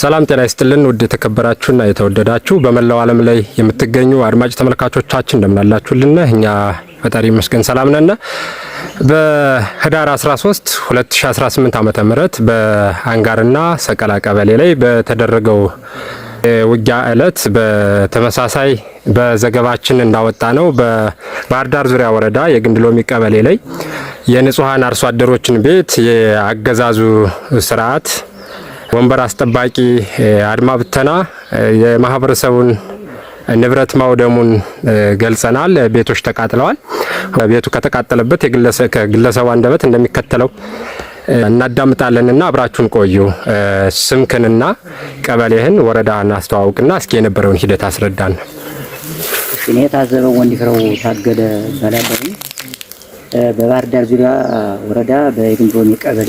ሰላም ጤና ይስጥልን ውድ የተከበራችሁና የተወደዳችሁ በመላው ዓለም ላይ የምትገኙ አድማጭ ተመልካቾቻችን እንደምናላችሁልን እኛ ፈጣሪ ይመስገን ሰላም ነን። በህዳር 13 2018 ዓመተ ምህረት በአንጋርና ሰቀላ ቀበሌ ላይ በተደረገው ውጊያ እለት በተመሳሳይ በዘገባችን እንዳወጣ ነው በባህር ዳር ዙሪያ ወረዳ የግንድሎሚ ቀበሌ ላይ የንጹሐን አርሶ አደሮችን ቤት የአገዛዙ ስርዓት ወንበር አስጠባቂ አድማ ብተና የማህበረሰቡን ንብረት ማውደሙን ገልጸናል። ቤቶች ተቃጥለዋል። ቤቱ ከተቃጠለበት የግለሰቡ አንደበት እንደሚከተለው እናዳምጣለንና አብራችሁን ቆዩ። ስምክንና ቀበሌህን ወረዳ እናስተዋውቅና እስኪ የነበረውን ሂደት አስረዳን። እኔ ታዘበው ወንዲፍረው ታገደ እባላለሁ። በባህር ዳር ዙሪያ ወረዳ በግንቦኒ ቀበሌ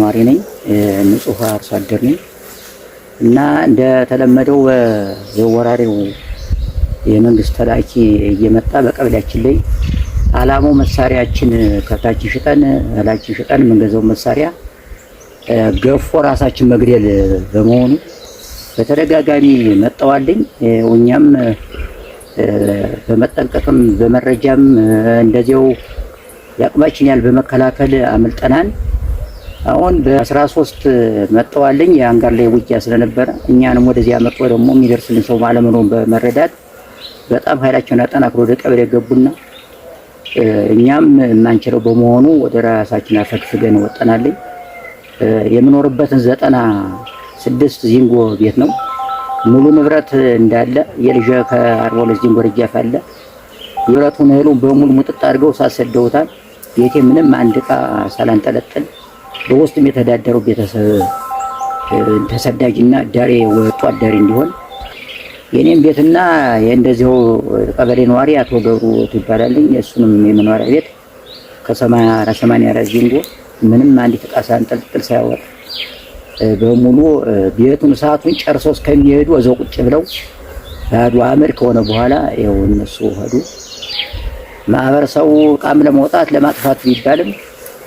ነዋሪ ነኝ። ንጹህ አርሶ አደር ነኝ እና እንደተለመደው የወራሪው የመንግስት ተላኪ እየመጣ በቀበሌያችን ላይ አላማው መሳሪያችን ከብታችን ሽጠን እህላችን ሽጠን የምንገዛው መሳሪያ ገፎ ራሳችን መግደል በመሆኑ በተደጋጋሚ መጠዋልኝ። እኛም በመጠንቀቅም በመረጃም እንደዚያው ያቅማችን ያህል በመከላከል አምልጠናል። አሁን በአስራ ሶስት መጠዋልኝ የአንጋር ላይ ውጊያ ስለነበረ እኛንም ወደዚያ መጥቶ ደግሞ የሚደርስልን ሰው ባለመኖሩን በመረዳት በጣም ኃይላቸውን አጠናክሮ ወደ ቀበሌ ገቡና እኛም የማንችለው በመሆኑ ወደ ራሳችን አፈግፍገን ወጠናለኝ። የምኖርበትን ዘጠና ስድስት ዚንጎ ቤት ነው። ሙሉ ንብረት እንዳለ የልጅ ከአርባ ሁለት ዚንጎ ርጃፍ አለ። ንብረቱን እህሉን በሙሉ ሙጥጥ አድርገው ሳሰደውታል። ቤቴ ምንም አንድ ዕቃ ሳላንጠለጥል በውስጥ የተዳደሩ ቤተሰብ ተሰዳጅና ዳሬ ወጡ አዳሪ እንዲሆን የኔም ቤትና የእንደዚሁ ቀበሌ ነዋሪ አቶ ገብሩ ይባላልኝ እሱንም የመኖሪያ ቤት ከሰማንያ አራት ጀንጎ ምንም አንዲት ዕቃ ሳንጠልጥል ሳያወጣ በሙሉ ቤቱን ሰዓቱን ጨርሰው እስከሚሄዱ እዛው ቁጭ ብለው ባዶ አመድ ከሆነ በኋላ ያው እነሱ ሄዱ። ማህበረሰቡ ዕቃም ለመውጣት ለማጥፋት ቢባልም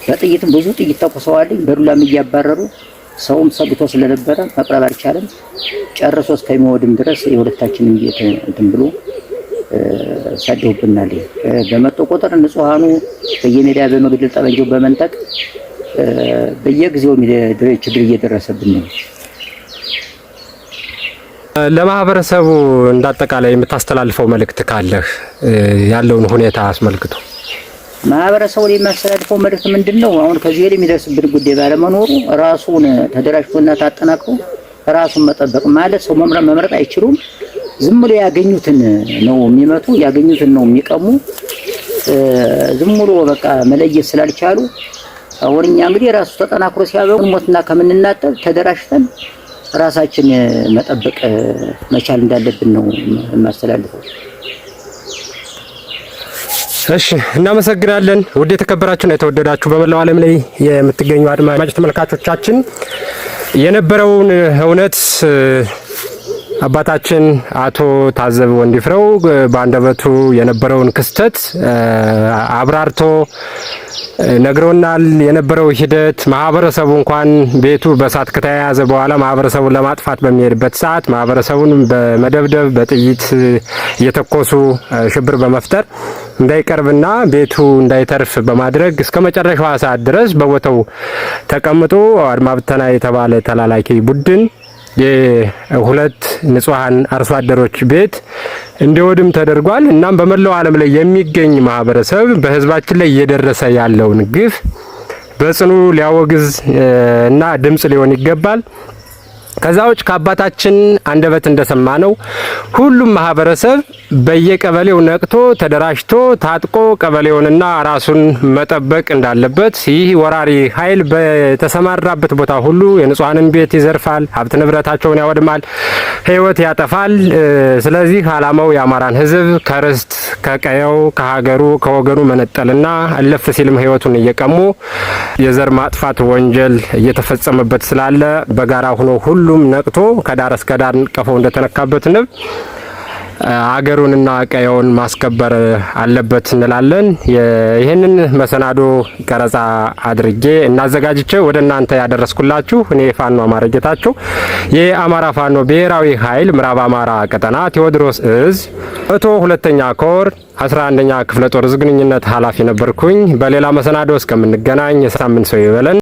በጥይትም ብዙ ጥይት ተኩሰዋልኝ በዱላም እያባረሩ ሰውም ሰግቶ ስለነበረ መቅረብ አልቻለም። ጨርሶ እስከሚወድም ድረስ የሁለታችን ቤት እንትን ብሎ ሰደውብናል። በመጡ ቁጥር ንጹሐኑ በየሜዳ በመግደል ጠመንጃው በመንጠቅ በየጊዜው ችግር እየደረሰብን ነው። ለማህበረሰቡ እንዳጠቃላይ የምታስተላልፈው መልእክት ካለህ ያለውን ሁኔታ አስመልክቶ ማህበረሰቡ ላይ የሚያስተላልፈው መልዕክት ምንድን ነው? አሁን ከዚህ ላይ የሚደርስብን ጉዳይ ባለመኖሩ ራሱን ተደራጅቶና ታጠናክሮ ራሱን መጠበቅ ማለት ሰው መምረጥ አይችሉም። ዝም ብሎ ያገኙትን ነው የሚመቱ፣ ያገኙትን ነው የሚቀሙ። ዝም ብሎ በቃ መለየት ስላልቻሉ አሁን እኛ እንግዲህ ራሱ ተጠናክሮ ሲያበቁ ሞትና ከምንናጠብ ተደራጅተን ራሳችን መጠበቅ መቻል እንዳለብን ነው የማስተላልፈው። እሺ እናመሰግናለን። ውድ የተከበራችሁና የተወደዳችሁ በመላው ዓለም ላይ የምትገኙ አድማጭ ተመልካቾቻችን የነበረውን እውነት አባታችን አቶ ታዘብ ወንድፍረው በአንደበቱ የነበረውን ክስተት አብራርቶ ነግሮናል። የነበረው ሂደት ማህበረሰቡ እንኳን ቤቱ በእሳት ከተያያዘ በኋላ ማህበረሰቡን ለማጥፋት በሚሄድበት ሰዓት ማህበረሰቡን በመደብደብ በጥይት እየተኮሱ ሽብር በመፍጠር እንዳይቀርብና ቤቱ እንዳይተርፍ በማድረግ እስከ መጨረሻዋ ሰዓት ድረስ በቦታው ተቀምጦ አድማ ብተና የተባለ ተላላኪ ቡድን የሁለት ንጹሐን አርሶ አደሮች ቤት እንዲወድም ተደርጓል። እናም በመላው ዓለም ላይ የሚገኝ ማህበረሰብ በህዝባችን ላይ እየደረሰ ያለውን ግፍ በጽኑ ሊያወግዝ እና ድምጽ ሊሆን ይገባል። ከዛ ውጭ ከአባታችን አንደበት እንደሰማ ነው ሁሉም ማህበረሰብ በየቀበሌው ነቅቶ ተደራጅቶ ታጥቆ ቀበሌውንና ራሱን መጠበቅ እንዳለበት፣ ይህ ወራሪ ኃይል በተሰማራበት ቦታ ሁሉ የንጹሐንን ቤት ይዘርፋል፣ ሀብት ንብረታቸውን ያወድማል፣ ሕይወት ያጠፋል። ስለዚህ ዓላማው የአማራን ሕዝብ ከርስት ከቀየው ከሀገሩ ከወገኑ መነጠልና እለፍ ሲልም ሕይወቱን እየቀሙ የዘር ማጥፋት ወንጀል እየተፈጸመበት ስላለ በጋራ ሆኖ ሁሉም ነቅቶ ከዳር እስከ ዳር እንደተነካበት ንብ አገሩንና ቀየውን ማስከበር አለበት እንላለን። ይህንን መሰናዶ ቀረጻ አድርጌ እናዘጋጅቼ ወደ እናንተ ያደረስኩላችሁ እኔ ፋኖ አማረ ጌታቸው የአማራ ፋኖ ብሔራዊ ኃይል ምዕራብ አማራ ቀጠና ቴዎድሮስ እዝ እቶ ሁለተኛ ኮር 11ኛ ክፍለ ጦር ዝግንኙነት ኃላፊ ነበርኩኝ። በሌላ መሰናዶ እስከምንገናኝ የሳምንት ሰው ይበለን።